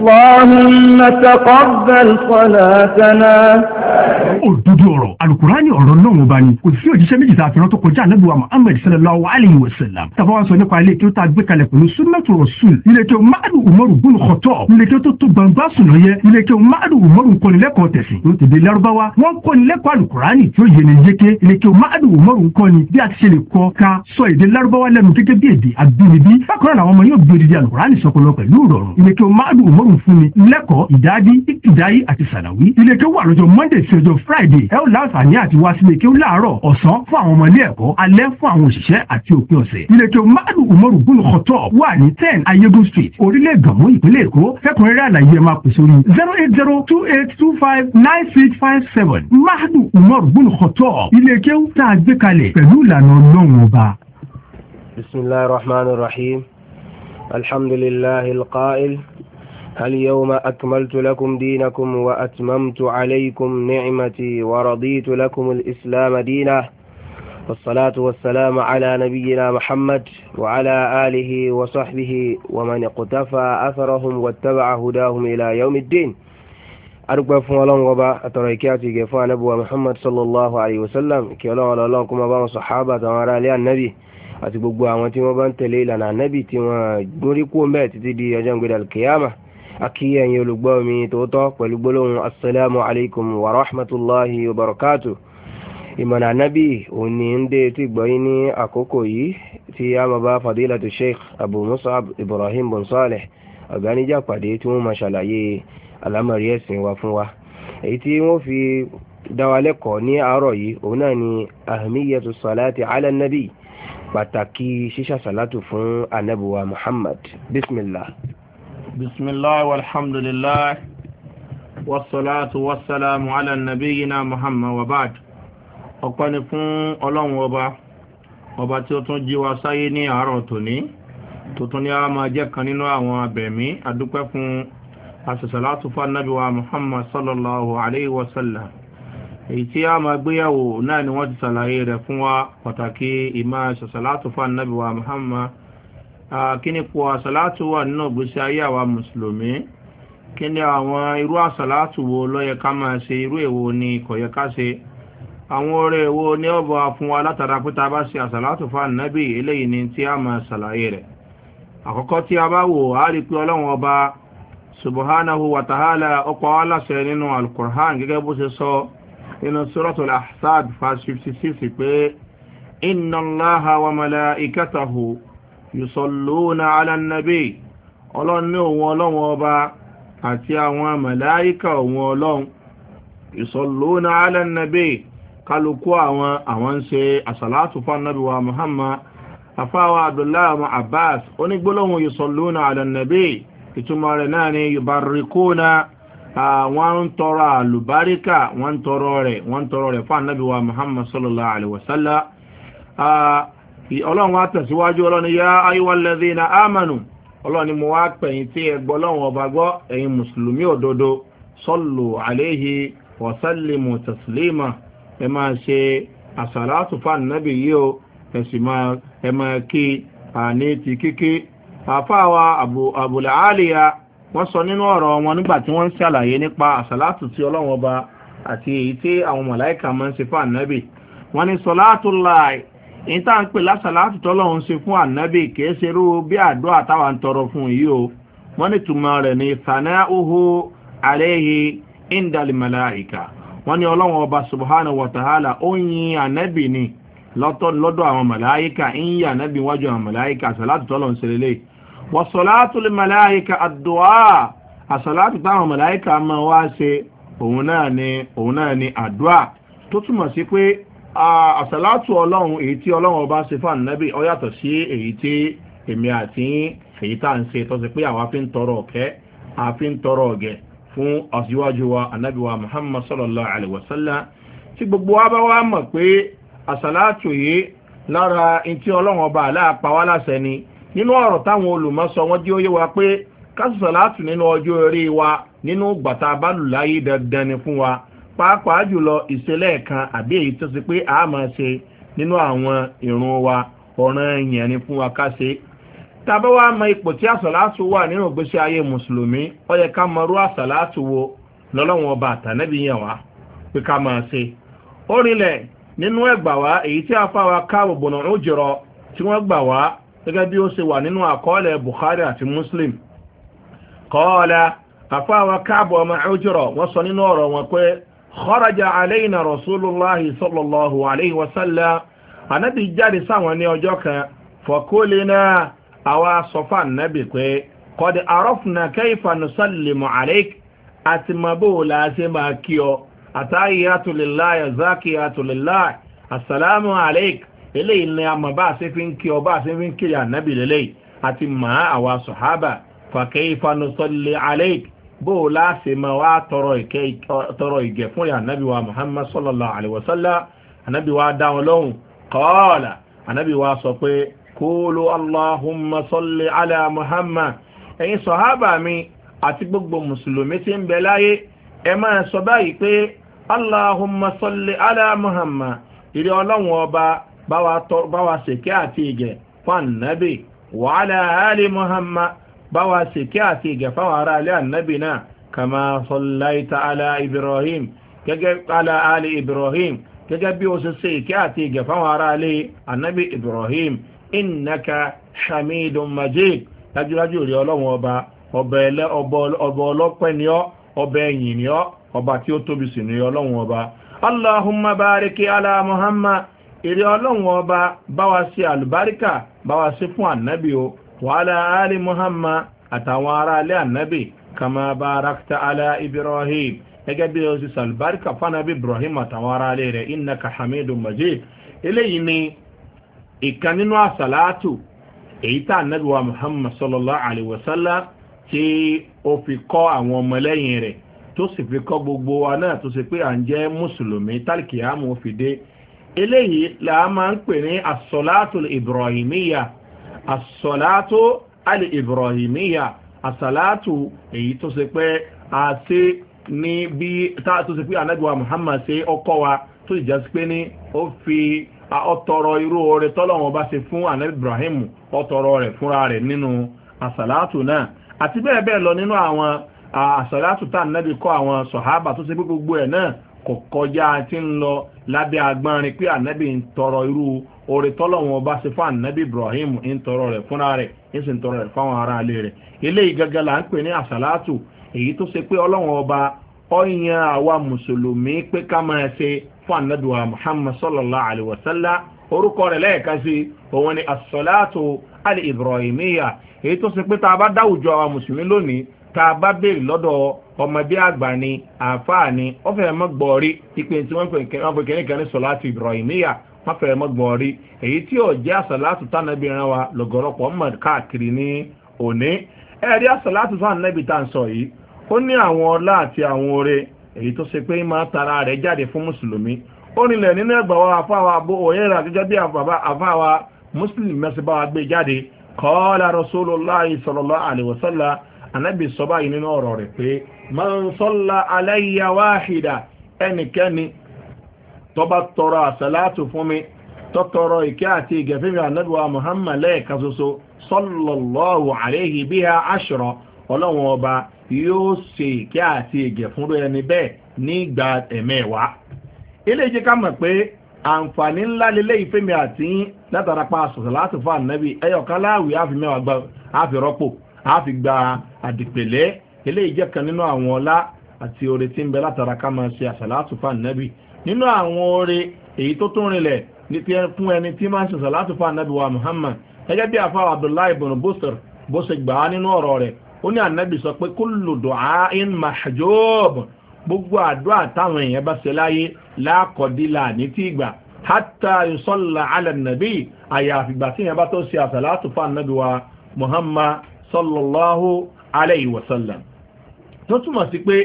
اللهم تقبل صلاتنا òdodo ọ̀rọ̀ alukurani ọ̀rọ̀ náà wọn bá ní kò sí òjíṣẹ́ méjì tààfin rán tó kọjá anábìwá muhammed sallallahu alayhi wa sallam tàbá wa sọ nípa ilé tó ta gbé kalẹ̀ pẹ̀lú sunnatu rasul ilé tó madu umaru bùnú kọtọ ilé tó tó gbangba sùnà yẹ ilé tó madu umaru nkọnilẹ́kọ̀ọ́ tẹ̀sìn tó tẹ̀lé larubawa wọn kọnilẹ́kọ̀ọ́ alukurani tó yẹn ní yeke ilé tó madu umaru nkọni bí a ti ṣe lè kọ ka sọ èdè larubawa lẹ́nu gẹ́gẹ́ bí èdè abínibí bákan náà àwọn yóò bí odidi alukurani sọkọlọ pẹ̀lú rọrùn ilé tó madu umaru fún mi lẹ́kọ̀ọ́ ìdádi ìdáyé àti sàlàwí ilé tó wà lọ́jọ́ ọjọ́ friday ẹ ó láǹfààní àti wá sílé kí ó láàárọ̀ ọ̀sán fún àwọn ọmọ ilé ẹ̀kọ́ alẹ́ fún àwọn òṣìṣẹ́ àti òpin ọ̀sẹ̀ ìlẹ̀kẹ̀ madu umaru bùnú kọ̀tọ̀ wà ní ten ayégun street orílẹ̀ gànmú ìpínlẹ̀ èkó fẹ́kùnrẹ́rẹ́ àlàyé ẹ̀ máa pè sórí zero eight zero two eight two five nine six five seven madu umaru bùnú kọ̀tọ̀ ìlẹ̀kẹ̀ tá a gbé kalẹ̀ pẹ̀lú ìlànà ọlọ́run ọba. bisimilahi rahman rahim alhamdulilahi alqa'il. اليوم أكملت لكم دينكم وأتممت عليكم نعمتي ورضيت لكم الإسلام دينا والصلاة والسلام على نبينا محمد وعلى آله وصحبه ومن اقتفى أثرهم واتبع هداهم إلى يوم الدين arúgbẹ́ fún ọlọ́run ọba àtọ̀rọ̀ ìkẹ́ àti ìgẹ̀ fún anábùwà muhammad sallallahu alayhi wa sallam kí ọlọ́run ọlọ́run kúmọ bá wọn sọ̀hábà àtàwọn ará ilé ànábì àti gbogbo àwọn tí wọ́n bá ń tẹ̀lé ìlànà ànábì tí wọ́n gúnrí kú mẹ́ẹ̀ títí di ọjọ́ ìgbéra kìyàmà akí ẹ̀yin olùgbọ́ mi tòótọ́ pẹ̀lú gbólóhùn asalaamu alaykum wa rahmatulahi wa barakatu ìmọ̀nà anábì òní ń dé tí gbọ́yìn ní àkókò yìí tí a máa bá fadilatu sheikh abu musab ibrahim bin saleh ọ̀gánijà pàdé tí wọ́n máa ṣàlàyé alámọ̀rí ẹ̀sìn wa fún wa èyí tí wọ́n fi dá wa lẹ́kọ̀ọ́ ní àárọ̀ yìí òun náà ni ahmiyatu salati ala nabi pàtàkì ṣíṣà fún anabuwa muhammad bismillah بسم الله والحمد لله والصلاة والسلام على نبينا محمد وبعد ọ̀pẹ́ ni fún ọlọ́run ọba ọba tí ó tún jí wa sáyé ní àárọ̀ tòní tó tún ní a máa jẹ́ kan nínú àwọn abẹ̀mí adúpẹ́ fún asọ̀sọ̀látù fún anábíwa muhammad sallallahu alayhi wa èyí tí a máa gbéyàwó náà ni wọ́n ti sàlàyé rẹ̀ fún wa pàtàkì ìmá asọ̀sọ̀látù fún anábíwa muhammad kíni po àsàlátù wà nínú ìgbésí ayé àwa mùsùlùmí kíni àwọn irú àsàlátù wo lọ́yẹ ká máa ṣe irú èwo ni kò ká ṣe àwọn èwo ni ó fún wa látara pé ta bá ṣe àsàlátù fún ni tí a máa ṣàlàyé rẹ̀ àkọ́kọ́ tí a bá wò á rí pé ọlọ́run ọba subhanahu wa ta'ala ó pa nínú alukur'an gẹ́gẹ́ bó ṣe sọ nínú pé inna wa malaikatahu yùsọ̀lónà alánàbẹ́ ọlọ́run ní òun ọlọ́run ọba àti àwọn màláíkà òun ọlọ́run yùsọ̀lónà alánàbẹ́ kálukú àwọn àwọn ń ṣe àṣàlátù fánàbíwá muhammad afáwa abdullahi ọmọ abbas onígbólóhùn yùsọ̀lónà alánàbẹ́ ìtumọ̀ rẹ̀ náà ni yubarikuna àwọn ń tọrọ àlùbáríkà wọ́n ń tọrọ rẹ̀ wọ́n ń tọrọ rẹ̀ fánàbíwá muhammad sallallahu alaihi wasallam ọlọ́run wá tẹ̀síwájú ọlọ́ni yá ayíwálẹ́dé na ámànù ọlọ́ni mo wá pẹ̀yìn tí ọba gbọ́ ẹ̀yin mùsùlùmí òdodo sọ́lù àléhi wọ́sálìmù tẹ̀sílímà ẹ máa ṣe àṣàlátù fáànù nábì yìí o ẹ sì máa kí àní ti kíkí sọ nínú ọ̀rọ̀ wọn nígbà tí wọ́n ṣàlàyé nípa ní tá à ń pè lásàlátù tọ́lọ́run ṣe fún ànábì kìí ṣe rú bí àdó àtàwà ń tọrọ fún yìí o wọ́n ní túmọ̀ rẹ̀ ní sanáhóhó àléhi indalimalá ìkà wọ́n ní ọlọ́run ọba subhana wàtàhálà ó yin ànábì ni lọ́dọ̀ àwọn màláyíkà ń yí ànábì wájú àwọn màláyíkà àsàlátù tọ́lọ́run ṣe lélẹ̀ wọ́sọ̀látù màláyíkà àdùá àsàlátù táwọn màláyíkà máa wá ṣe òun náà ni àdùá tó túmọ̀ sí pé àṣàlátù ọlọ́run èyí tí ọlọ́run ọba ṣe fún ànábì ọ yàtọ̀ sí èyí tí èmi àti èyí tá à ń ṣe tọ́sí pé àwa fi ń tọrọ ọ̀kẹ́ àfi ń tọrọ ọ̀gẹ̀ fún ọ̀síwájú wa ànábì wa muhammad sallallahu alayhi wa sallam tí gbogbo wa bá wá mọ̀ pé àṣàlátù yìí lára ìtí ọlọ́run ọba aláàpá wa láṣẹ ni nínú ọ̀rọ̀ táwọn olùmọ́sọ wọn jí ó yé wa pé kásìsàlátù nínú ọjọ́ orí wa nínú gbàtà bá dandan ni fún wa pàápàá jùlọ ìṣẹ̀lẹ̀ kan àbí èyí tó ṣe a ṣe nínú àwọn ìrun wa ọ̀ràn èèyàn ni fún wa ká ṣe tàbí wàá mọ ipò tí àsàlátù wà nínú ìgbésí ayé mùsùlùmí ó yẹ ká mọrú àsàlátù wo lọ́lọ́wọ́n ọba àtànẹ́bí yẹn wá pé ká máa ṣe ó rinlẹ̀ nínú ẹgbà wá èyí tí afáwa ó jọrọ tí wọ́n gbà wá gẹ́gẹ́ bí ó ṣe wà nínú àkọọ́lẹ̀ bukhari àti muslim afáwa ọmọ ó jọrọ wọ́n sọ nínú ọ̀rọ̀ wọn pé kọ́rajà aláìna rasulullahi sallallahu alaihi wasallam anábi jáde sáwọn ní ọjọ́ kan fọkólé náà àwa sọfà nábì pé kọ́dí arọ́fùnà kẹ́ifà nùsàlìmù alaik àti mabó láti máa kí ọ àtàyàtùlélàyà zákìyàtùlélàyà assalamu alaik eléyìí ni a mọ̀ bá a ṣe fi ń kí ọ bá a ṣe fi ń kí ànábì lélẹ́yìí àti màá àwa sọ̀hábà fàkẹ́ifà nùsàlì alaik bó o láṣe ma wá tọrọ ìgẹ̀ fún rẹ̀ ànábì wa muhammad sallallahu alaihi wasallam ànábì wa dá wọn lọ́hùn kọ́ọ̀là ànábì wa sọ pé kóòlù allahumma salli ala muhammad ẹ̀yin sọ̀hábà mi àti gbogbo mùsùlùmí tí ń bẹ láyé ẹ máa sọ báyìí pé allahumma salli ala muhammad ìrẹ́ ọlọ́run ọba bá wa ṣèké àti ìgẹ̀ fún ànábì wàhálà ali muhammad bá wa ṣe kí àti ìgẹ̀ fáwọn ará alẹ́ ànábì náà kàmá sọláìta alá ibrahim gẹ́gẹ́ alá alẹ́ ibrahim gẹ́gẹ́ bí o ṣe ṣe kí àti ìgẹ̀ fáwọn ará alẹ́ ànábì ibrahim innaka hamidun majid dájúdájú rí ọlọ́run ọba ọba ẹlẹ́ ọba ọlọ́pẹ́ ni ọ́ ọba ẹ̀yìn ni ọ́ ọba tí ó tóbi sí ni ọlọ́run ọba allahumma bariki ala muhammad èrè ọlọ́run ọba bá wa ṣe àlùbáríkà bá fún ànábì o wàhálà ali muhammad àtàwọn ará alẹ́ ànábì kama barakta ala ibrahim gẹ́gẹ́ bí o sì sàlùbáríkà fánàbí ibrahim àtàwọn ará alẹ́ rẹ̀ innaka hamidu majid eléyìí ni ìkan nínú àsàlátù èyí tá ànábì wa muhammad sallallahu alaihi wasallam tí ó fi kọ́ àwọn ọmọlẹ́yìn rẹ̀ tó sì fi kọ́ gbogbo wa náà tó sì pé à ń jẹ́ mùsùlùmí tálkìyàmù fi eléyìí là máa ń pè ní asọ́látù ibrahimiya àsọ̀látó alì ibrahimiya àsàlátù èyí tó ṣe pé a ṣe ní bí táà tó ṣe pé anábíwá muhammad se ọkọ̀ wa tó sì jásí pé ní ó fi ọtọrọ irú oore tọ́lọ́wọ́n bá ṣe fún anábí ibrahim ọtọrọ rẹ̀ fúnra rẹ̀ nínú àsàlátù náà àti bẹ́ẹ̀ bẹ́ẹ̀ lọ nínú àwọn àsàlátù tá anábí kọ́ àwọn sọ̀hábà tó ṣe gbogbo ẹ̀ náà kò kọjá tí ń lọ lábẹ́ agbárin pé ànábì ń tọrọ irú oore tọ́lọ́wọ́n ọba ṣe fún ànábì ibrahim ń tọrọ rẹ̀ fúnra rẹ̀ ń sì ń tọrọ rẹ̀ fáwọn ará ilé rẹ̀ eléyìí gẹ́gẹ́ là ń pè ní àṣàlátù èyí tó ṣe pé ọlọ́wọ́n ọba ọ̀yàn àwa mùsùlùmí pé ká máa ṣe fún ànábì wa muhammad sallallahu alayhi wa sallam orúkọ rẹ̀ lẹ́ẹ̀ka sí òun ni àṣàlátù alì ibrahimiya èyí tó ṣe pé tá a bá dáwùjọ àwa mùsùlùmí lónìí tá a bá béèrè lọ́dọ̀ ọmọdé àgbà ni àáfàá ni wọ́n fẹ́ẹ́ mọ́ gbọ́ rí ìpè tí wọ́n pè kẹ́ni kan ní sọ̀láàtù ibrahimiya wọ́n fẹ́ẹ́ mọ́ gbọ́ rí èyí tí ò jẹ́ àsàlátù tánàbí ran wa lọ́gọ́rọ́pọ̀ mọ̀ káàkiri ní òní ẹ̀rí àsàlátù tánàbí tá à ń sọ yìí ó ní àwọn ọlá àti àwọn oore èyí tó ṣe pé máa tara rẹ̀ jáde fún mùsùlùmí ó nílẹ̀ nínú ẹgbà wa àfáwa bó òyìnbá gẹ́gẹ́ bí àfáwa muslim mẹ́sìbáwa gbé jáde kọ́ọ́lá rasulillah sallallahu alayhi wa sallam anábì sọ báyìí nínú ọ̀rọ̀ rẹ̀ pé man salla alayya wahida ẹnikẹ́ni tó bá tọrọ àsàlátù fún mi tó tọrọ ìkẹ́ àti ìgẹ̀fẹ́mi ànábìwá muhammad lẹ́ẹ̀ka ṣoṣo sallallahu alayhi biha ashra ọlọ́run ọba yóò ṣe ìkẹ́ àti ìgẹ̀ fúnrú ẹni bẹ́ẹ̀ nígbà ẹ̀mẹ́wàá ilé jẹ́ ká mọ̀ pé àǹfààní ńlá lélẹ́ ìfẹ́mi àti látara pa sọ̀tọ̀ láti fún ànábì ẹyọ̀kan láàwì àfimẹ́wàá àfirọ́pò a fi gba àdìpẹ̀lẹ́ eléyìí jẹ́ kan nínú àwọn ọlá àti oore tí ń bẹ látara ká máa ṣe àṣàlátù fànàbì nínú àwọn oore èyí tó tún rinlẹ̀ fún ẹni tí máa ń ṣe àṣàlátù fànàbì wa muhammad gẹ́gẹ́ bí afáwọ̀ abdullahi ibn busr bó ṣe gbà á nínú ọ̀rọ̀ rẹ̀ ó ní ànábì sọ pé kúlù dùá in mahjob gbogbo àdúrà táwọn èèyàn bá ṣe láyé lákọ̀dílà ní tí ìgbà hátà ìsọ́là alẹ́ nàbí àyàfìgbà tí èèyàn bá tó ṣe àṣàlátù fànàbì wa muhammad sọlọ́láhó aláì wọ̀sánlá tó túmọ̀ sí pé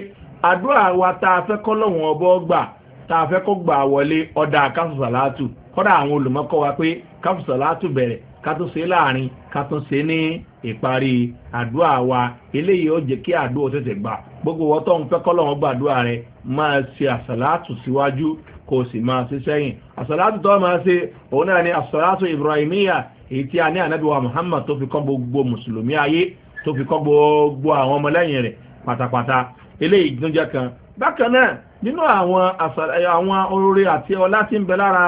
àdúrà wa tá a fẹ́ kọ́ lọ́wọ́n ọbọ̀ gbà tá a fẹ́ kọ́ gbà wọlé ọ̀dà káfùsàlátù kọ́dà àwọn olùmọ́kọ́ wa pé káfùsàlátù bẹ̀rẹ̀ ká tó ṣe láàrin ká tó ṣe ní ìparí àdúrà wa eléyìí ó jẹ́ kí àdúrà tètè gbà gbogbo wọn tó ń fẹ́ kọ́ lọ́wọ́n gbàdúrà rẹ máa ṣe àsàlátù síwájú kó o sì máa ṣe sẹ́yìn àsàlátù tó máa ṣe òun náà ni àsàlátù ibrahimiya èyí tí a ní ànábìwá muhammad tó fi kọ́ gbogbo mùsùlùmí ayé tó fi kọ́ gbogbo àwọn ọmọlẹ́yìn rẹ̀ pátápátá eléyìí gúnjẹ kan bákan náà nínú àwọn àwọn àti ọlá tí ń bẹ lára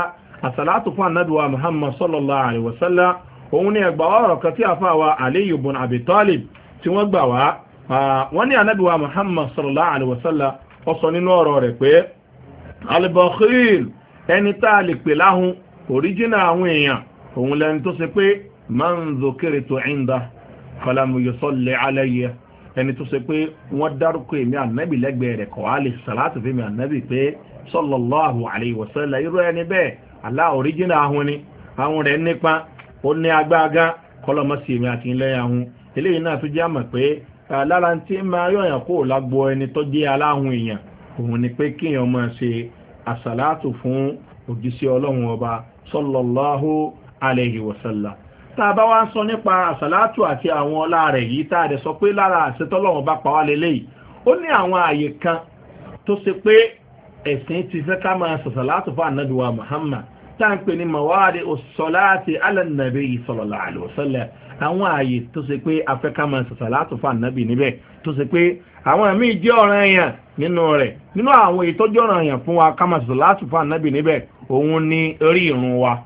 àsàlátù fún ànádùwà muhammad sallallahu alaihi wasallam òun ni ẹgbà ọ̀rọ̀ kan tí a fà wá aliyu bin abi talib tí wọ́n gbà wá wọ́n ní ànádùwà muhammad sallallahu alaihi wasallam ó sọ nínú ọ̀rọ̀ rẹ̀ pé albakhil ẹni tá a lè pè láhùn oríjìnà àwọn èèyàn òun lẹ́ni tó ṣe pé máa ń zo kéré tó ẹ̀ńdá falamu yusọ́lẹ̀ aláyẹ ẹni tó ṣe pé wọ́n dárúkọ èmi ànábì lẹ́gbẹ̀ẹ́ rẹ̀ kọ̀ á lè sàlátù fún mi ànábì pé sọ́lọ́láhù àlèwọ̀sẹ́lẹ̀ irú ẹni bẹ́ẹ̀ alá òríjìnà ahun ni ahun rẹ̀ nípa ó ní agbága kọlọmọsí èmi àti ilẹ̀ ahun eléyìí náà tó jẹ́ àmọ̀ pé lára tí máa yọ̀yàn kó lágbo ẹni tó jẹ́ aláhun èèyàn òun ni pé kíyàn máa ṣe àsàlátù fún òjíṣẹ́ ọlọ́run ọba sọ́lọ́láhù alayhi wa sallam tá a bá wá ń sọ nípa àsàlátù àti àwọn ọlá rẹ̀ yìí tá a dẹ̀ sọ pé lára àṣetọ́lọ́wọ́n bá pa wá lélẹ́yìí ó ní àwọn àyè kan tó ṣe pé ẹ̀sìn ti fẹ́ ká máa sàṣàlátù fún ànádùwà Muhammad tá à ń pè ní mawadi as-salati ala an àwọn ààyè tó ṣe pé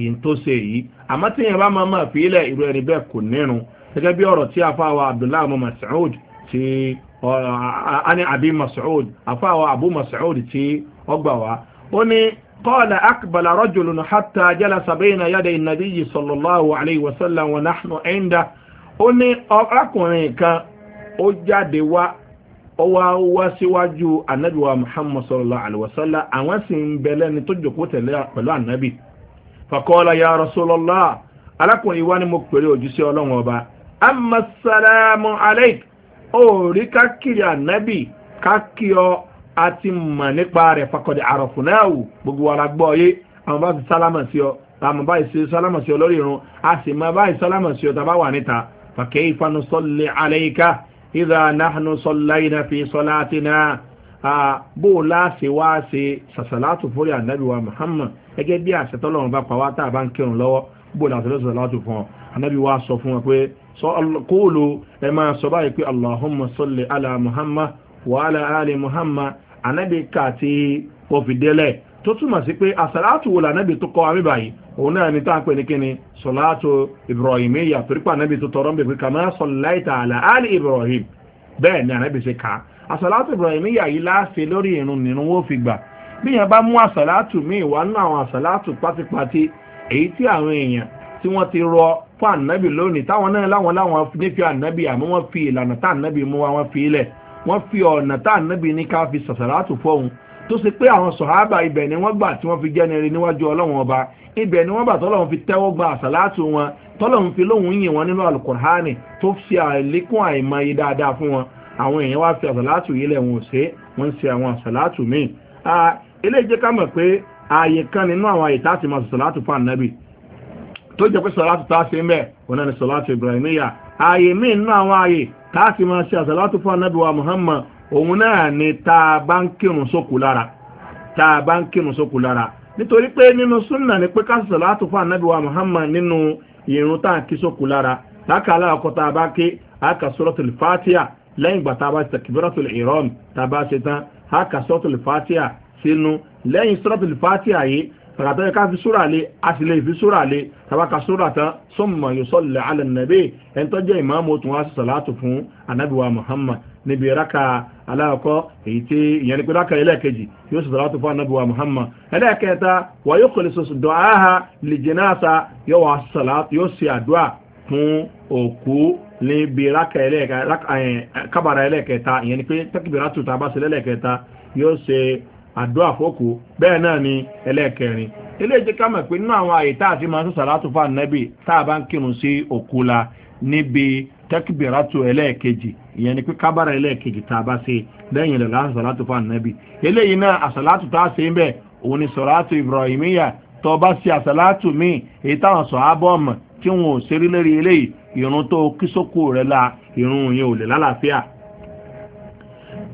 yìí tó ṣe yìí àmọ́ tí yẹn bá máa máa fi ilẹ̀ ìró ẹni bẹ́ẹ̀ kò nírun gẹ́gẹ́ bí ọ̀rọ̀ tí afáwa abdullahi ọmọ masoud ti ani abi masoud afáwa abu masoud ti ọgbà wa ó ní kọ́ọ̀lá akbala rọ́jùlùn hátà jẹ́la sàbẹ́yìn ayáde ìnàbí yìí sọ̀lọ́láhu alayhi wa sallam wa náhùn ẹ̀ńdà ó ní ọkùnrin kan ó jáde wá ó wá wá síwájú anabiwa muhammad sọ̀lọ́láhu alayhi wa sallam àwọn sì ń bẹ lẹ́ni tó jòkó tẹ̀lé pẹ̀lú anabi fàkọ́ọ́lá ya rasulallah alákùnrin wa ni mo pèrè òjíṣẹ́ ọlọ́run ọba amasalamu aleik orí kákiri ànábì kákíọ àti mọ̀ nípa rẹ̀ fakọ̀dé àrọ̀fúnáwù gbogbo wa la gbọ́ yé àwọn bá ti sálámà sí ọ àwọn bá ti sálámà sí ọ lórí irun a sì máa bá ti sálámà sí ọ tàbá wà níta fàkẹ́ ìfanusọ́lẹ̀ aleika ìdá náà sọ́láyìn náà fi bó o láṣẹ wá ṣe sàṣàlátù fórí ànábì wa muhammad gẹ́gẹ́ bí àṣetọ́lọ́run bá pa wá tá a bá ń kírun lọ́wọ́ bó o láṣẹ lọ́sọ̀rọ̀ láti fún ọ ànábì wa sọ fún wa pé kóòlù ẹ máa sọ báyìí pé allahumma salli ala muhammad wa ala ali muhammad ànábì kà tí wọ́n tó túmọ̀ sí pé àṣàlátù wo lànábì tó kọ́ wa mí òun náà ni táà pè ní kíni sọ̀látù ibrahim yà torípa ànábì tó tọrọ ń bẹ̀ pé kàmá sọ̀láìtà àlà ali ibrahim bẹ́ẹ̀ ni ànábì ṣe kà á àsàlátù ibrahimiyya yìí láàṣẹ lórí ìrun nìrun wó fi gbà bí yẹn bá mú àsàlátù míì wá nínú àwọn àsàlátù pátípátí èyí tí àwọn èèyàn tí wọ́n ti rọ fún ànábì lónìí táwọn náà láwọn láwọn nífẹ̀ẹ́ ànábì àmọ́ wọ́n fi ìlànà tá ànábì mú wa wọ́n fi ilẹ̀ wọ́n fi ọ̀nà tá ànábì ní ká fi sàsàlátù fọ́hun tó ṣe pé àwọn sọ̀hábà ibẹ̀ ni wọ́n gbà tí wọ́n fi jẹ́nire níwájú ọlọ́run ọba ibẹ̀ ni wọ́n bà tọ́lọ́run fi tẹ́wọ́ gba àsàlátù wọn tọ́lọ́run fi lóhùn yìn wọn nínú alukurhani tó fi àlékún àìmọye dáadáa fún wọn àwọn èèyàn wá fi àsàlátù yílẹ̀ wọn ò ṣe wọ́n ń ṣe àwọn àsàlátù míì eléyìí jẹ́ ká mọ̀ pé ààyè kan nínú àwọn àyè tá a ti máa sàlátù fún ànábì tó jẹ́ pé sàlátù tá a ṣe ń bẹ̀ wọn náà ni sàlátù ibrahimiya ààyè míì nínú àwọn àyè tá máa ṣe àsàlátù fún ànábì wa muhammad òun náà ni tá a bá ń kírun sókù lára tá a bá ń kírun sókù lára nítorí pé nínú súnà ni pé ká sàlátù fún ànábì wa muhammad nínú ìrun tá a kí sókù lára lákàlà lẹ́yìn ìgbà tá a bá ṣe takbiratul ihram tá a bá ṣe tán a kà suratul fatiha sínú lẹ́yìn suratul fatiha yìí tàkàtà yẹ ká fi súrà lé a sì lè fi súrà lé tàbákà súrà tán summa yusalli ala nabi ẹni tó jẹ́ ìmáàmù ó tún wá sí sàlátù fún anábìwá muhammad níbi rákà aláàkọ́ èyí tí ìyẹn ni pé rákà ẹlẹ́ẹ̀kejì yóò sì sàlátù fún anábìwá muhammad ẹlẹ́ẹ̀kẹta wa yóò wá sí sàlátù òkú níbi kábàrà ẹlẹ́kẹta ìyẹn ni pé tẹ́kìbìrà tuta bá yóò àdúrà fókù bẹ́ẹ̀ náà ni ẹlẹ́kẹrin eléyìí ká mọ̀ pé nínú àwọn àyè tá a ti máa ń sọ sàlátù fún a bá ń kírun sí òkú la níbi tẹ́kìbìrátù ẹlẹ́ẹ̀kejì ìyẹn ni pé kábàrà ẹlẹ́ẹ̀kejì tá a bá lẹ́yìn rẹ̀ láti sàlátù fún eléyìí náà àsàlátù tá a ń bẹ̀ òun ni ibrahimiya tó bá àsàlátù míì èyí táwọn tí wọn ò ṣeré lérí eléyìí ìrún tó kísókò rẹ̀ la ìrún yẹn ò lè lálàáfíà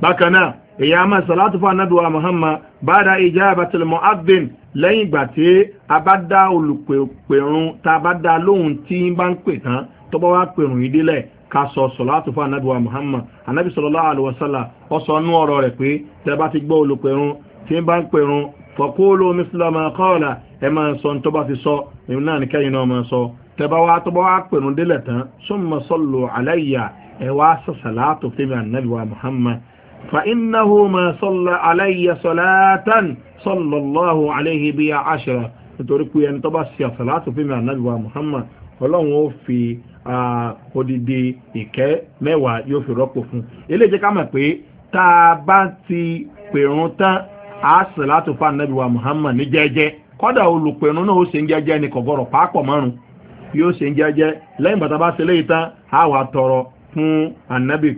bákan náà èyí a máa sọ̀látù fún anáduwa muhammad bára ìjà abatilmọ̀ abdin lẹ́yìn ìgbà tí a bá dá olùpẹ̀rún tá a bá dá lóhun tí ń bá ń pè tán tó bá wá pẹ̀rún yìí délẹ̀ ká sọ sọ̀látù fún anáduwa muhammad anábì sọ̀rọ̀ aláwọ̀sálà ọ sọ nú ọ̀rọ̀ rẹ̀ pé tẹ́ bá ti gbọ́ olùpẹ̀rún tí ń bá ń pẹ̀rún fọ̀kúlù mísílámà kọ́ọ̀là ẹ máa sọ ní tó bá ti sọ èmi náà ní kẹ́yìn náà máa sọ tẹ́bá wa tó bá wá pẹ̀lú délẹ̀ tán summa sallu alayya ẹ̀ wá sọ sàlátù fẹ́mi ànábì wa muhammad fa innahu ma salla alayya salatan sallallahu alayhi biya ashra nítorí pé ẹni tó bá ṣe àsàlátù fẹ́mi ànábì wa muhammad ọlọ́run ó fi odidi ìkẹ́ mẹ́wàá yóò fi rọ́pò fún eléyìí jẹ́ ká mọ̀ pé tá a bá ti pèrún tán àsàlátù fún ànábì muhammad ní jẹ́jẹ́ kọ́dà olùpẹ̀rún náà ó ṣe ń jẹ́jẹ́ ní kọ̀gọ́rọ̀ pàápọ̀ márùn-ún yóò ṣe ń jẹ́jẹ́ lẹ́yìn bàtà bá ṣe léyìí tán a wà tọrọ fún anabi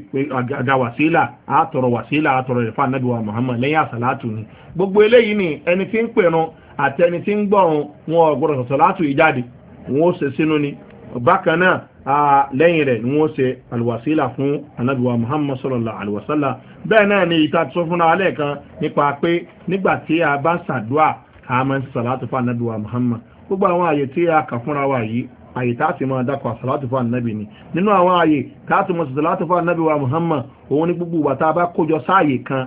àga wàsílà a tọrọ wàsílà a tọrọ ìfà anabi wa muhammad lẹ́yìn àsàlátù ni gbogbo eléyìí ni ẹni tí ń pèrun àti ẹni tí ń gbọ̀run wọn ọ̀gbọ̀rọ̀ sọ̀sọ̀látù yìí jáde wọn ó ṣe sínú ni bákan náà lẹ́yìn rẹ̀ ni wọ́n ṣe alwàsílà fún anabi wa muhammad sallallahu alaihi wasallam bẹ́ẹ̀ náà ni ìta tó fúnra alẹ́ kan nípa pé nígbà tí a bá ṣàdúà a máa ń ṣàlátù fún anabi wa muhammad gbogbo àwọn àyè tí a kà fúnra wa yìí àyè tá a ti máa dákọ̀ àsàlátù fún ànábì ni nínú àwọn àyè tá a ti máa sàlátù fún ànábì wa Muhammad òun ní gbogbo ìgbà tá a bá kójọ sáàyè kan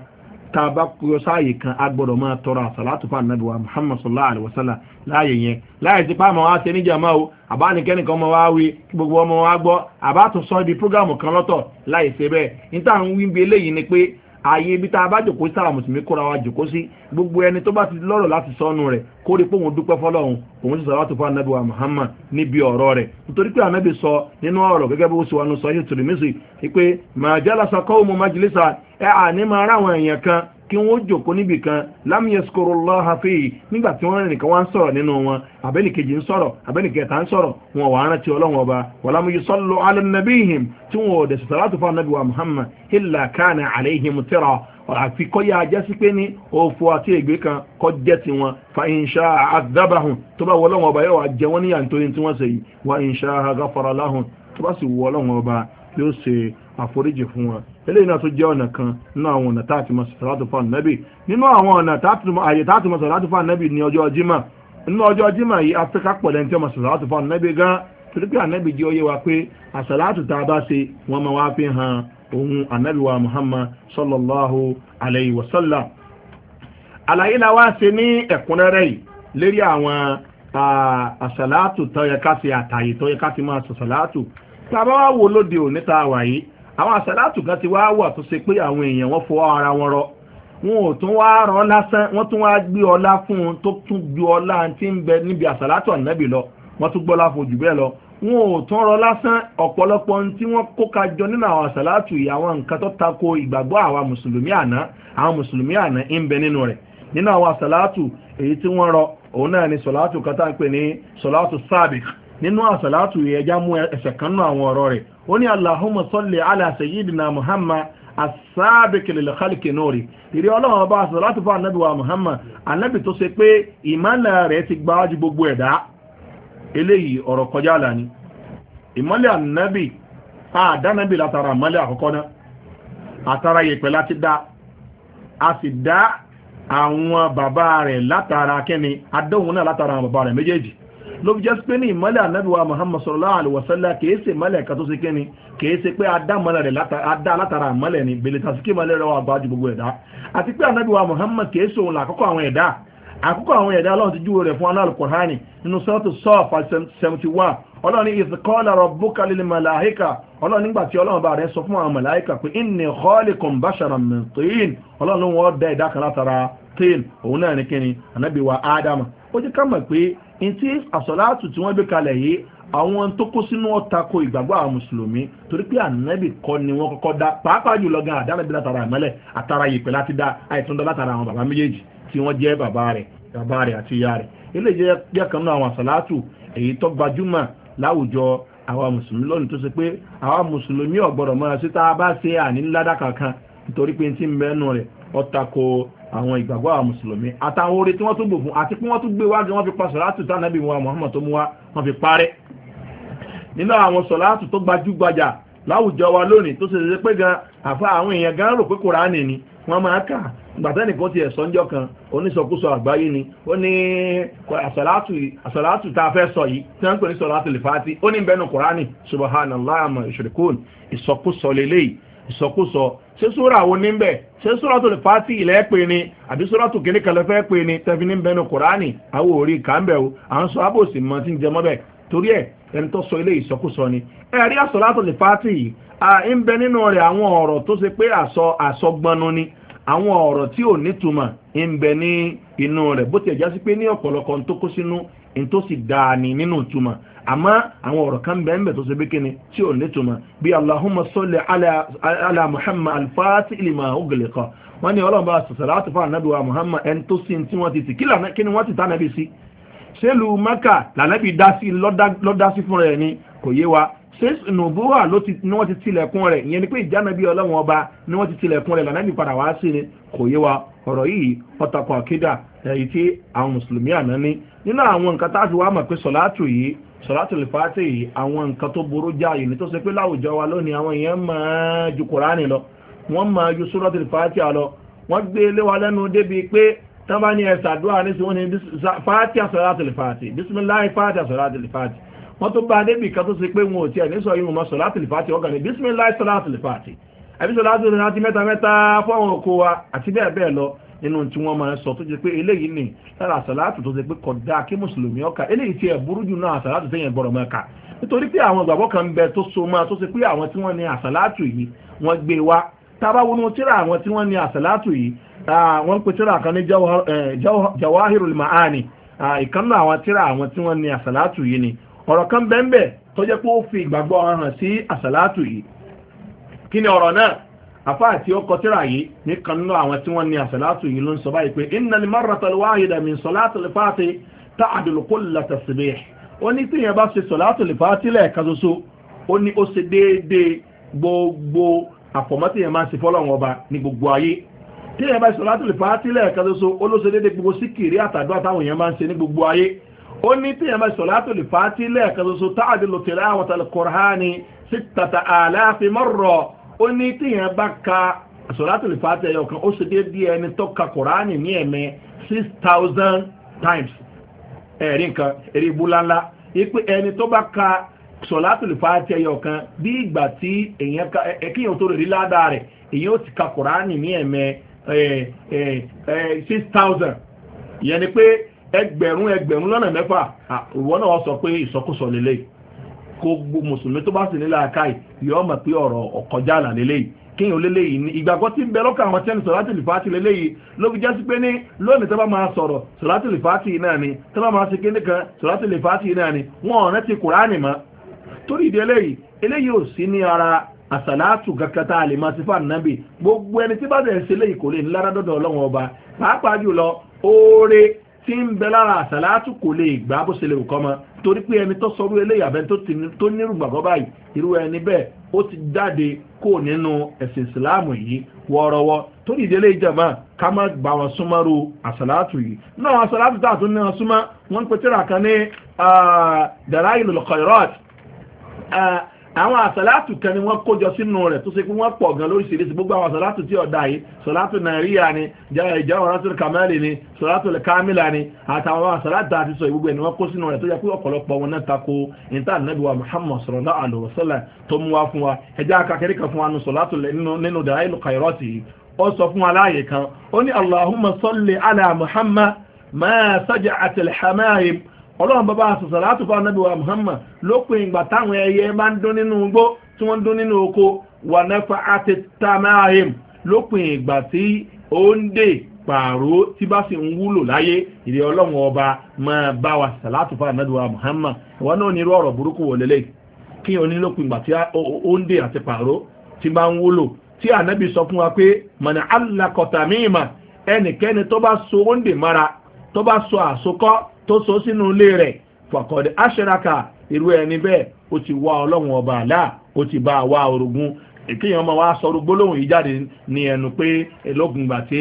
tá a bá kójọ sáàyè kan a gbọ́dọ̀ máa tọrọ àsàlátù fún wa Muhammad sallallahu alaihi wasallam láàyè yẹn láyè tí pàmò wa ṣe níjàmá o àbánikẹ́ni kan máa wá wí kí gbogbo ọmọ wa gbọ́ àbá tún sọ ibi prógámù kan lọ́tọ̀ láyè ṣe bẹ́ẹ̀ ààyè ibi tá a bá jòkó sára mùsùlùmí kóra wa jòkó sí gbogbo ẹni tó bá ti lọ́rọ̀ láti sọ́nu rẹ̀ kó rí pé òun dúpẹ́ fọ́lọ́run òun sì sọ̀rọ̀ àtúfà anábì wa Muhammad níbi ọ̀rọ̀ rẹ̀ nítorí pé anábì sọ nínú ọ̀rọ̀ gẹ́gẹ́ bó ṣe wà nù sọ yìí tùrìmísì wípé màjálàsà kọ́ òun mọ́ májèlésà ẹ̀ àní máa ráwọn èèyàn kan kí wọ́n jòkó níbì kan lámìyẹ́sìkòrò lọ́hàfẹ́ yìí nígbà tí wọ́n rìnrìn kan wá ń sọ̀rọ̀ nínú wọn abẹ́nìkejì ń sọ̀rọ̀ abẹ́nìkẹta ń sọ̀rọ̀ wọn wà rántí ọlọ́wọ́n ọba wàlámúyí sọ́lọ alẹ́nàbíhìm tí wọn dẹ̀ sọ̀rọ̀ láti fún anabi wa muhammad hilla kánà àlẹ́hìm tẹ́ra àfi kọ́yà ajá pé ní òfò àti ègbé kan kọ́ jẹ́ ti wọn fa ìṣá àdábàhùn tó bá wọlọ́wọ́n ọba yóò wá jẹ wọ́n níyà nítorí tí wọ́n ṣe yìí wa ìṣá àgáfara tó bá sì wọlọ́wọ́n ọba yóò ṣe àforíjì fún wọn eléyìí náà tó jẹ́ ọ̀nà kan nínú àwọn ọ̀nà táàtì mọ̀ sàlátù fún ànábì nínú àwọn ọ̀nà àyè táàtì mọ̀ sàlátù fún ànábì ní ọjọ́ jímà nínú ọjọ́ jímà yìí áfíríkà pọ̀ lẹ́ni tí wọ́n mọ̀ sàlátù fún ànábì gan torí pé ànábì jẹ́ oyé wa pé àsàlátù tá a bá ṣe wọ́n máa wá fi hàn ohun ànábì wa muhammad sallallahu alayhi wa sallam àlàyé la wá ṣe ní ẹ̀kúnrẹ́rẹ́ yìí lérí àwọn àsàlátù tó yẹ ká ṣe àtàyè tó yẹ ká ṣe máa sàlátù tàbá wá wo lóde òní tá a wà yìí àwọn àṣàlátù kan ti wá wà tó ṣe pé àwọn èèyàn wọ́n fọwọ́ ara wọn rọ wọn ò tún wá rọ lásán wọ́n tún wá gbé ọlá fún un tó tún ju ọlá tí ń bẹ níbi àṣàlátù ànábì lọ wọ́n tún gbọ́lá fojú bẹ́ẹ̀ lọ wọn ò tún rọ lásán ọ̀pọ̀lọpọ̀ ohun tí wọ́n kó jọ nínú àwọn àṣàlátù yìí nǹkan tó tako ìgbàgbọ́ àwa mùsùlùmí àná àwọn mùsùlùmí àná ń bẹ nínú rẹ̀ nínú àwọn àṣàlátù èyí tí wọ́n rọ òun náà ni sọ̀látù kan tá à ń pè ní sọ̀látù sábìkì nínú àsàlátù ẹja mú ẹsẹ̀ kan nú àwọn ọ̀rọ̀ rẹ̀ ó ní Allahumma salli ala sayyidina Muhammad asábẹ̀kẹ̀ lè lọ́kàlìkẹ̀ náà rí ìrí ọlọ́run ọba àsàlátù fún anábì wa Muhammad anábì tó ṣe pé ìmọ̀lẹ̀ rẹ̀ ti gbáwájú gbogbo ẹ̀dá eléyìí ọ̀rọ̀ kọjá lání ìmọ̀lẹ̀ anábì àdánábì látara ìmọ̀lẹ̀ àkọ́kọ́ náà àtara láti dá a sì dá àwọn bàbá rẹ̀ látara kẹ́ni adóhun náà látara àwọn bàbá rẹ̀ méjèèjì ló fi jẹ́ pé ní ìmọ́lẹ̀ anábìwá muhammad sallallahu alaihi wasallam kìí ṣe ìmọ́lẹ̀ kan tó ṣe kí ni kìí ṣe pé adámọ́lẹ̀ rẹ̀ adá látara ìmọ́lẹ̀ ni bèlè tàṣíkì ìmọ́lẹ̀ rẹ̀ wà gbájú gbogbo ẹ̀dá àti pé anábìwá muhammad kìí ṣe òun làkọ́kọ́ àwọn ẹ̀dá àkókò àwọn ẹ̀dá ọlọ́run ti júwe rẹ̀ fún anáàlù kùránì nínú sọ́ọ̀tù sọ́ọ̀fà 71 ọlọ́run ní ìsìkọ́ọ̀lá rọ̀bùkà lílì màláhíkà ọlọ́run nígbà tí ọlọ́run bá rẹ̀ sọ fún àwọn màláhíkà pé inni khaliqun basharan min tin ọlọ́run wọ́n dá ìdá kan látara tin òun náà ní kíni ànábì ádámà ó jẹ́ ká mọ̀ pé ní tí àsọ̀láàtù tí wọ́n gbé kalẹ̀ yìí àwọn tó kó sínú ọ̀ta ko ìgbàgbọ́ àwọn mùsùlùmí torí pé ànábì kọ́ ni wọ́n kọ́kọ́ dá pàápàá jùlọ gan àdánàbì látara ìmọ́lẹ̀ àtara yìpẹ̀ láti dá àìtúndà látara àwọn bàbá méjèèjì tí wọ́n jẹ́ bàbá rẹ̀ bàbá rẹ̀ àti ìyá rẹ̀ eléyìí jẹ́ kan náà àwọn àsọ̀láàtù èyí tó gbajúmọ̀ láwùjọ àwa mùsùlùmí lónìí tó ṣe pé àwa àwọn ìgbàgbọ́ àwọn mùsùlùmí àtàwọn oore tí wọ́n tún gbò fún àti pé wọ́n tún gbé wá gan wọ́n fi pa sọ̀látù tánàbí wọn Muhammad tó mú wá wọ́n fi parẹ́ nínú àwọn sọ̀látù tó gbajúgbajà láwùjọ wa lónìí tó ṣe ṣe pé gan àfa àwọn èèyàn gan rò pé Kùránì ni wọ́n máa kà gbàtẹ́nì kan ti ẹ̀sọ́ ńjọ́ kan oníṣọkúsọ àgbáyé ni ó ní àsọ̀látù tá a fẹ́ sọ yìí tí wọ́n ń pè ní sọ̀látù lè fàá tí ó ní bẹ́nu Kùránì subhanallah àmọ̀ ìṣòrìkún ìsọkúsọ lélẹ́yìí ìsọkúsọ ṣé sóra wo ní bẹ́ẹ̀ ṣé sóra tó lè fàátì ilẹ̀ pè ní àbí sóra tó kéde kalẹ̀ fẹ́ pè ní tẹ́fi ní bẹ́ẹ̀ ní kùránì àwọn orí kàńbẹ̀ o à ń sọ abòsí mọ́ tí ń jẹ mọ́ bẹ́ẹ̀ torí ẹ̀ ẹni tó sọ ilé ìsọkúsọ ni ẹ̀rí àsọ̀lá tó lè fàátì yìí à ń bẹ nínú rẹ̀ àwọn ọ̀rọ̀ tó ṣe pé àsọ àsọgbọnu ni àwọn ọ̀rọ̀ tí ò nítumọ̀ ń bẹ ní inú rẹ̀ bó ti ẹ̀já sí pé ní ọ̀pọ̀lọpọ̀ tó kó sínú n tó sì dáa ní nínú ìtumọ̀ àmọ́ àwọn ọ̀rọ̀ kan bẹ́ẹ̀ ń bẹ tó ṣe bí kíni tí ò nítumọ̀ bí allahumma sọ́lẹ̀ ala muhammad alfaati ilima ogeleka wọ́n ní ọlọ́run bá sọ̀sọ̀rọ̀ láti fún anabi wa muhammad ẹni tó sí tí wọ́n ti tì kí ni wọ́n ti tánàbí sí sẹ́lù maka lànàbí dá sí lọ́dá sí fúnra ẹ̀ ni kò yé wa ṣé nùbúwà ni wọ́n ti tilẹ̀kùn rẹ̀ ìyẹn ni pé ìjánabi ọlọ́run ọba ni wọ́n ti tilẹ̀kùn rẹ̀ lànà ìpadà wá sí ni kò yé wa ọ̀rọ̀ yìí ọ̀tàkùn àkídà èyí tí àwọn mùsùlùmí àná ní nínú àwọn nǹkan tá a fi wá mọ̀ pé sọ̀láàtù yìí sọ̀láàtù lè fàátì yìí àwọn nǹkan tó burú jáàyè ní tó ṣe pé láwùjọ wa lónìí àwọn èèyàn máa ju kùránì lọ wọ́n máa ju sọ́rọ́tì lè fàátì lọ wọ́n gbé ilé wa lẹ́nu débi pé tábà ní ẹ̀sà àdúrà ní sí wọ́n ní fàátì àsọ̀láàtì lè fàátì bísímíláì fàátì àsọ̀láàtì lè fàátì wọ́n tó bá débì kan tó ṣe pé wọn ò tiẹ̀ ní sọ irun mọ́ sọ̀láàtì lìfàtì ọ̀gá ní bísímìláì sọ̀láàtì lìfàtì àbí sọ̀láàtì lìfàtì mẹ́ta mẹ́ta fún àwọn oko wa àti bẹ́ẹ̀ bẹ́ẹ̀ lọ nínú tí wọ́n máa ń sọ tó ṣe pé eléyìí ni lára sọ̀láàtì tó ṣe pé kódà kí mùsùlùmí ọkà eléyìí tiẹ̀ burú jù náà sọ̀láàtì tẹ̀yìn gbọ́dọ̀ máa kà nítorí pé àwọn ìgbàgbọ́ kan ń bẹ tó so máa tó ṣe pé àwọn tí wọ́n ní àsàlátù yìí wọ́n gbé wá tábà wọnú tíra àwọn tí wọ́n ní àsàlátù yìí wọ́n pe tíra kan ní jawahirul maani ìkànnà àwọn tíra àwọn tí wọ́n ní àsàlátù yìí ni ọ̀rọ̀ kan bẹ́ẹ̀nbẹ́ tó jẹ́ pé ó fi ìgbàgbọ́ hàn sí àsàlátù yìí kí ni ọ̀rọ̀ náà afá àti ọkọ̀ tíra yìí ní kan nínú àwọn tí wọ́n ní àsàlátù yìí ló ń sọ báyìí pé innal marratal wahida min salatil fati ta'dil kulla tasbih ó ní tíyẹn bá ṣe salatul fati lẹ́ẹ̀kan ṣoṣo ó ní ó ṣe déédéé gbogbo àfọ̀mọ́tíyẹn máa ṣe ó ní tí yẹn bá sọ̀látò lè fàátí lẹ́ẹ̀kan ṣoṣo táàdì lò tẹ̀lé àwọn tàlẹ̀ kọ̀rọ̀hání sí tàtà àlàáfin mọ́rọ̀ ó ní tí yẹn bá ka sọ̀látò lè fàátí ẹ̀yọ̀ kan ó ṣe déédéé ẹni tó ka kọ̀rọ̀hání ní ẹ̀mẹ́ six thousand times ẹ̀rí nǹkan ẹ̀rí búláńlá ipe ẹni tó bá ka sọ̀látò lè fàátí ẹ̀yọ̀ kan bí ìgbà tí èyàn tó rí ládàá rẹ̀ èyàn ó ti ka kọ̀rọ̀hání ní ẹ̀mẹ́ six thousand ìyẹn ni pé ẹgbẹ̀rún ẹgbẹ̀rún lọ́nà mẹ́fà ìwọ́n náà sọ pé ìsọkúsọ lélẹ̀ kó gbogbo mùsùlùmí tó bá sì nílẹ̀ àkáì yọ mọ̀ pé ọ̀rọ̀ ọ̀kọjá àlà lélẹ̀ kíyàn lélẹ̀ yìí ní ìgbàgbọ́ tí ń bẹ lọ́kàn àwọn tẹ́ni sọ̀rátìlì fàátì lélẹ̀ yìí ló fi jẹ́ sí pé ní lónìí máa sọ̀rọ̀ ni tọ́bá máa ṣe kan sọ̀rátìlì ni wọ́n ọ̀rẹ́ ti kùránì mọ́ torí ìdí eléyìí eléyìí ò sí ní ara àsàlátù kankan a lè máa ti fà gbogbo ẹni tí bá bẹ̀rẹ̀ tí ń bẹ lára àsàlátù kò lè gbà bó ṣe lè kọ́ mọ́ torí pé ẹni tó sọrú eléyàbẹ tó nírú gbàgbọ́ báyìí irú ẹni bẹ́ẹ̀ ó ti jáde kó nínú ẹ̀sìn ìsìláàmù yìí wọ́ọ́rọ́wọ́ torí ìdílé ìjàmbá ká má bá wọn súnmọ́rú àsàlátù yìí náà àsàlátù tá a tún ní wọn súnmọ́ wọn ń pe tíra kan ní ah, dalailul khairat ah, àwọn àsàlátù kan ni wọ́n kójọ sínú rẹ̀ tó ṣe pé wọ́n pọ̀ gan lóríṣiríṣi gbogbo àwọn àsàlátù tí ọ̀dà yìí sọ̀látù nàìjíríà ni ìjọba rásùlù kamali ni sọ̀látù kamila ni àtàwọn àsàlátù àti sọ ìgbogbo ẹni wọ́n kó sínú rẹ̀ tó yẹ pé ọ̀pọ̀lọpọ̀ wọn náà tako níta nàbí wa muhammad sallallahu alaihi wasallam tó mú wa ọlọ́run bàbá àṣùsọ̀ látùkọ́ anábìwà muhammad lópin ìgbà táwọn ẹyẹ máa ń dún nínú igbó tí wọ́n ń dún nínú oko wà nẹ́fà àti tamahim lópin ìgbà tí ó ń dè pààrọ̀ tí bá sì ń wúlò láyé ìdí ọlọ́run ọba máa bá wa ṣàlátùfà anábìwà muhammad ìwọ náà ní irú ọ̀rọ̀ burúkú wò lélẹ̀ kí o ní lópin ìgbà tí ó ń dè àti pààrọ̀ tí bá ń wúlò tí ànábì sọ fún wa pé mọ̀nà alákọ̀tàmíìmà ẹnikẹ́ni tó bá so ó ń dè mara tó bá so àsokọ́ tó so sínú ilé rẹ̀ fọ̀kọ̀dé aṣẹ́raka irú ẹni bẹ́ẹ̀ ó ti wá ọlọ́run ọba àlá ó ti bá a wá orogún èkéèyàn máa wá sọ̀rọ̀ gbólóhùn yìí jáde ní ẹnu pé ẹlọ́gùngbà tí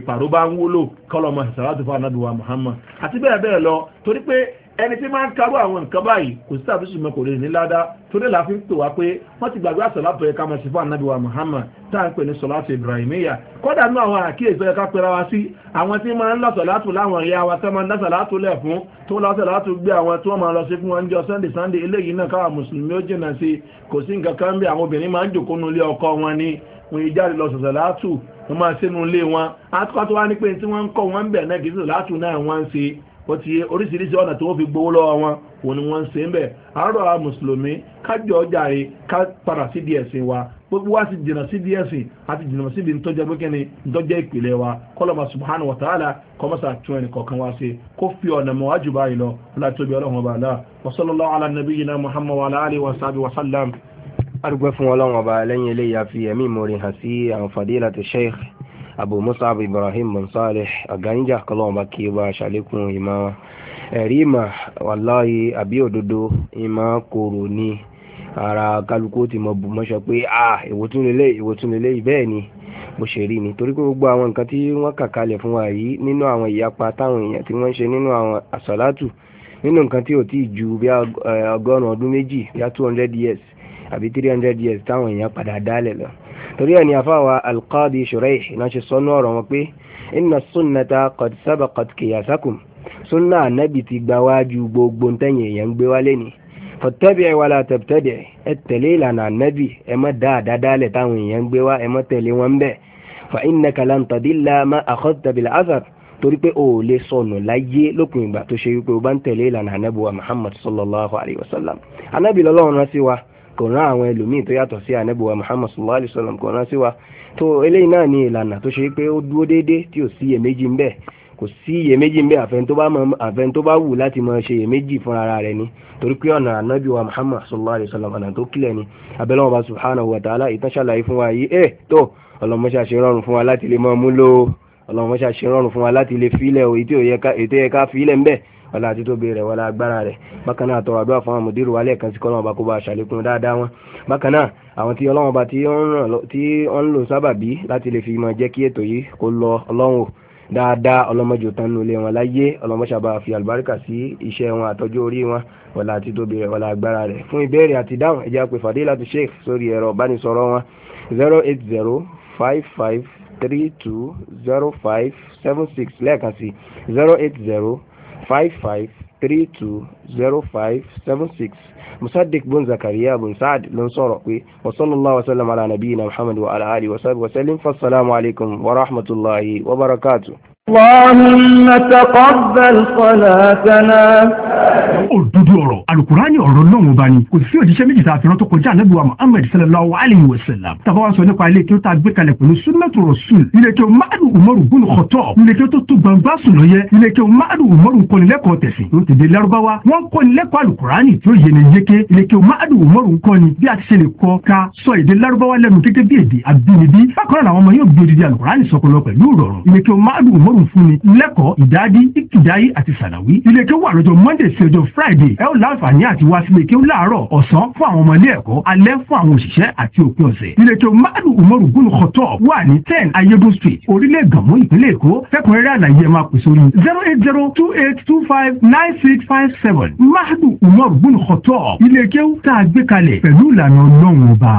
ìpàrọ̀ bá ń wúlò kọ́lọ́mọ ìsàlátù fún muhammad àti bẹ́ẹ̀ bẹ́ẹ̀ lọ torí pé ẹni tí máa ń karú àwọn nǹkan báyìí kò sí àfihàn mọ́ kò lè ní ládá tó dé láàfin pè wá pé wọ́n ti gbàgbé àṣà látọ̀ ẹ̀ka mọ̀ sí fún ànábì wa Muhammad tá à ń pè ní sọ̀láṣì Ibrahimiya kódà nú àwọn àkíyèsí ẹ̀ka pera wa sí àwọn tí máa ń lọ́sọ̀ látò láwọn ẹ̀yà wa tẹ́ máa ń lọ́sọ̀ látò lẹ̀ fún tó lọ́sọ̀ látò gbé àwọn tí wọ́n máa lọ sí fún wọn jọ Sunday Sunday eléyìí náà káwọn mùsùlùmí ó jìnnà sí kò sí nǹkan kan bí àwọn obìnrin máa ń jòkó nulẹ̀ ọkọ wọn ni wọn yìí jáde lọ sọ̀sọ̀ látò wọn máa sínú ilé wọn àtúkọ́ tó wá ní pé tí wọ́n ń kọ́ wọn ń bẹ̀ náà kì í sọ̀rọ̀ látò náà wọ́n ń ṣe ó ti oríṣiríṣi ọ̀nà tí wọ́n fi gbowó lọ́wọ́ wọn òun ni wọ́n ń ṣe ń bẹ̀ àárọ̀ àwọn mùsùlùmí kájọ jàre ká padà sí díẹ̀ sìn wa gbogbo wa sì jìnnà sí díẹ̀ sìn àti jìnnà síbi ntọ́jẹ́ pékinni ntọ́jẹ́ ìpìlẹ̀ wa kọlọ́mà subhanahu wa ta'ala kọmọ́sà tún ẹnì kọ̀ọ̀kan wa ṣe kó fi ọ̀nà mọ́ wájú báyìí lọ látòbí ọlọ́run ọba àlá wa sallallahu nabi nabiyyina muhammad wa ala wa sahbihi wa sallam. a dúpẹ́ fún ọlọ́run ọba lẹ́yìn eléyìí a fi ẹ̀mí ìmoore hàn sí àwọn fadilatu sheikh abu abu ibrahim musa àgáyínjà kọlọ́wọ́n bá kí bá ṣàlékún ìmọ̀ wọn ẹ̀rí ìmọ̀ ni ara kálukú ti mọ bu mọ́ṣọ pé ah èwo tún lélẹ̀ èwo ni ṣe rí ni torí pé gbogbo àwọn nǹkan tí wọ́n kà fún wa yìí nínú àwọn ìyapa táwọn èèyàn tí ṣe nínú àwọn nínú nǹkan tí ò tí ì ju bí ọdún torí ẹ̀ ní afáwa alqadi shuraih náà ṣe sọ́nú ọ̀rọ̀ wọn pé inna sunnata qad sabaqat qiyasakum sunna anabi ti gba wájú gbogbo ntẹ́yìn èèyàn gbé wálé ni fattabi'u wala tabtadi'u ẹ tẹ̀lé ìlànà anabi ẹ má dáadáa dálẹ̀ táwọn èèyàn gbé wá ẹ má tẹ̀lé wọn bẹ́ẹ̀ fa innaka lan tadilla ma akhadta bil athar torí pé o lè sọnù láyé lópin ìgbà tó ṣe wípé o bá ń tẹ̀lé ìlànà anábì wa muhammad sallallahu alayhi wa sallam anábì lọ́lọ́run rán sí wa kò rán àwọn ẹlòmíì tó yàtọ̀ sí ànẹ́bùwà muhammad sallallahu alayhi wa sallam kò rán sí wa tó eléyìí náà ní ìlànà tó ṣe pé ó dúró déédéé tí ò sí iyèméjì ń bẹ kò sí iyèméjì ń bẹ àfẹn tó bá wù láti máa ṣe iyèméjì fún ara rẹ̀ ni torí pé ọ̀nà ànẹ́bùwà muhammad sallallahu alayhi wa sallam ọ̀nà tó kílẹ̀ ni abẹ́lẹ́ wọn bá subhanahu wa ta'ala ìtàn ṣàlàyé fún wa yìí ẹ̀ eh, tó ọlọ́mọṣà rọrùn fún wa láti lè máa múlò ọlọ́mọṣà ṣe rọrùn fún wa láti lè fílẹ̀ èyí tó yẹ ká fílẹ̀ ń bẹ ọlá àti tóbi rẹ̀ wọlá agbára rẹ̀ bákan náà tọrọ àdúrà fún àwọn mùdírù wa lẹ́ẹ̀kan sí kọ́lọ́mọba kó bá ṣàlékún dáadáa wọn bákan náà àwọn tí ọlọ́mọba tí ó ń lò sábàbí láti lè fi mọ jẹ́ kí ètò yìí kó lọ ọlọ́run ò dáadáa ọlọmọjò tánú ilé wọn láyé ọlọmọṣàbà fi àlùbáríkà sí iṣẹ́ wọn àtọjú orí wọn wọlá àti tóbi rẹ̀ agbára rẹ̀ fún ìbéèrè àti dáhùn ẹjẹ àpè Fadilatu Sheikh sórí ẹ̀rọ ìbánisọ̀rọ̀ wọn zero eight zero five five three two zero five seven six lẹ́ẹ̀kan sí zero eight zero five five three two zero five seven six musaddiq bun zakariya bun saad ló ń sọ̀rọ̀ wa sallallahu wa sallam ala nabiyina muhammad wa ala alihi wa sahbihi wa sallim fassalamu alaikum wa rahmatullahi wa barakatuh. اللهم تقبل صلاتنا òdodo ọ̀rọ̀ alukurani ọ̀rọ̀ náà wọn bá ní kò sí òjíṣẹ́ méjì tàbí ọ̀rọ̀ tó kọjá ànábì wa muhammed sallallahu alayhi wa sallam tàbá wa sọ nípa ilé kí ta gbé kalẹ̀ pẹ̀lú sunnatu rasul ilé kí madu umaru bùnú kọtọ ilé kí ó tó tó gbangba sùn yẹ ilé kí madu umaru kọnilẹ́kọ̀ọ́ tẹ̀sìn tó tẹ̀lé larubawa wọ́n kọnilẹ́kọ̀ọ́ alukurani tí ó yẹnẹ ilé kí madu umaru kọni bí a ti ṣe lè kọ ka sọ èdè larubawa lẹ́nu gẹ́gẹ́ bí èdè abínibí bákan náà àwọn alukurani sọkọlọ pẹ̀lú rọrùn madu umaru fún ni lẹ́kọ̀ọ́ ìdádí ìkìdáyé àti sàlàwí ilé kí friday ẹ ó láǹfààní àti wá sílé kí ó láàárọ̀ ọ̀sán fún àwọn ọmọ ilé ẹ̀kọ́ alẹ́ fún àwọn òṣìṣẹ́ àti òpin ọ̀sẹ̀ ìletò madu umaru gulu kọtọ wà ní ten ayégun street orílẹ̀ gàmú ìpínlẹ̀ èkó fẹ́kùnrẹ́rẹ́ àlàyé ẹ̀ máa pè sórí zero eight zero two eight two five nine six five seven madu umaru gun kọtọ ilé kéwú tá a gbé kalẹ̀ pẹ̀lú ìlànà ọlọ́run ọba.